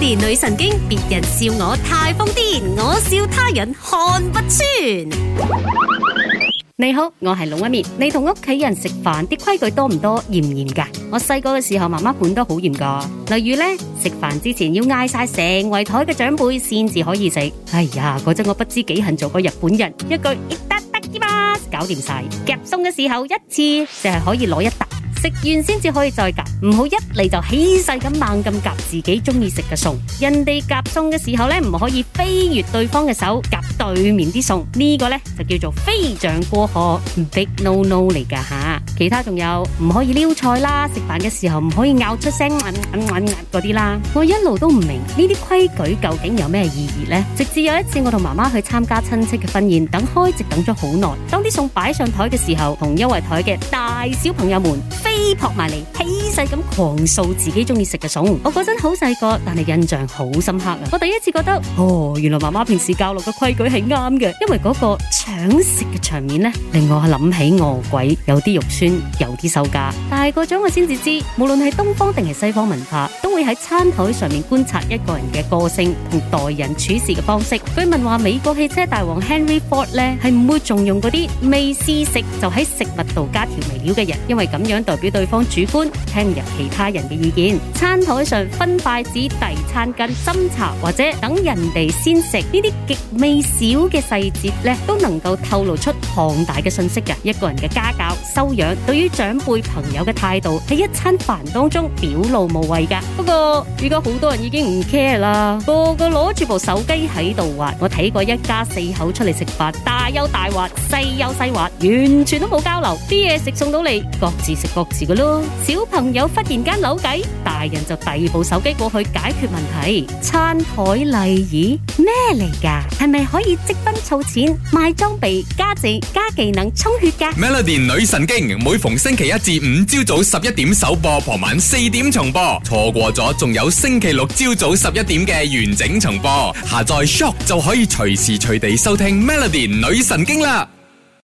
連女神經，別人笑我太瘋癲，我笑他人看不穿。你好，我係龍紋敏。你同屋企人食飯，啲規矩多唔多嚴唔嚴㗎？我細個嘅時候，媽媽管得好嚴㗎。例如呢，食飯之前要嗌晒成圍台嘅長輩先至可以食。哎呀，嗰陣我唔知幾恨做個日本人，一句 itadakimasu，搞掂晒夾，餸嘅時候，一次就係可以攞一沓。食完先至可以再夾，唔好一嚟就起勢咁猛咁夾自己鍾意食嘅餸。人哋夾餸嘅時候咧，唔可以飛越對方嘅手夾。對面啲餸呢個呢，就叫做飛象過河，big no no 嚟噶吓。其他仲有唔可以撩菜啦，食飯嘅時候唔可以咬出聲，搵搵搵嗰啲啦。我一路都唔明呢啲規矩究竟有咩意義呢？直至有一次我同媽媽去參加親戚嘅婚宴，等開席等咗好耐，當啲餸擺上台嘅時候，同一圍台嘅大小朋友們飛撲埋嚟，起勢咁狂掃自己中意食嘅餸。我嗰陣好細個，但係印象好深刻啊！我第一次覺得哦，原來媽媽平時教落嘅規矩。係啱嘅，因為嗰個搶食嘅場面呢，令我諗起餓鬼，有啲肉酸，有啲手架。大個咗我先至知，無論係東方定係西方文化，都會喺餐台上面觀察一個人嘅個性同待人處事嘅方式。據聞話，美國汽車大王 Henry Ford 呢係唔會重用嗰啲未試食就喺食物度加調味料嘅人，因為咁樣代表對方主觀，聽唔入其他人嘅意見。餐台上分筷子、遞餐巾、斟茶或者等人哋先食，呢啲極未小嘅細節咧都能夠透露出龐大嘅信息嘅，一個人嘅家教、修養，對於長輩、朋友嘅態度喺一餐飯當中表露無遺噶。不過而家好多人已經唔 care 啦，個個攞住部手機喺度話，我睇過一家四口出嚟食飯，大又大話，細又細話，完全都冇交流。啲嘢食送到嚟，各自食各自嘅咯。小朋友忽然間扭計，大人就遞部手機過去解決問題。餐桌禮儀咩嚟噶？係咪可以？積分儲錢，賣裝備加值加技能充血噶。Melody 女神經，每逢星期一至五朝早十一點首播，傍晚四點重播。錯過咗仲有星期六朝早十一點嘅完整重播。下載 shop 就可以隨時隨地收聽 Melody 女神經啦。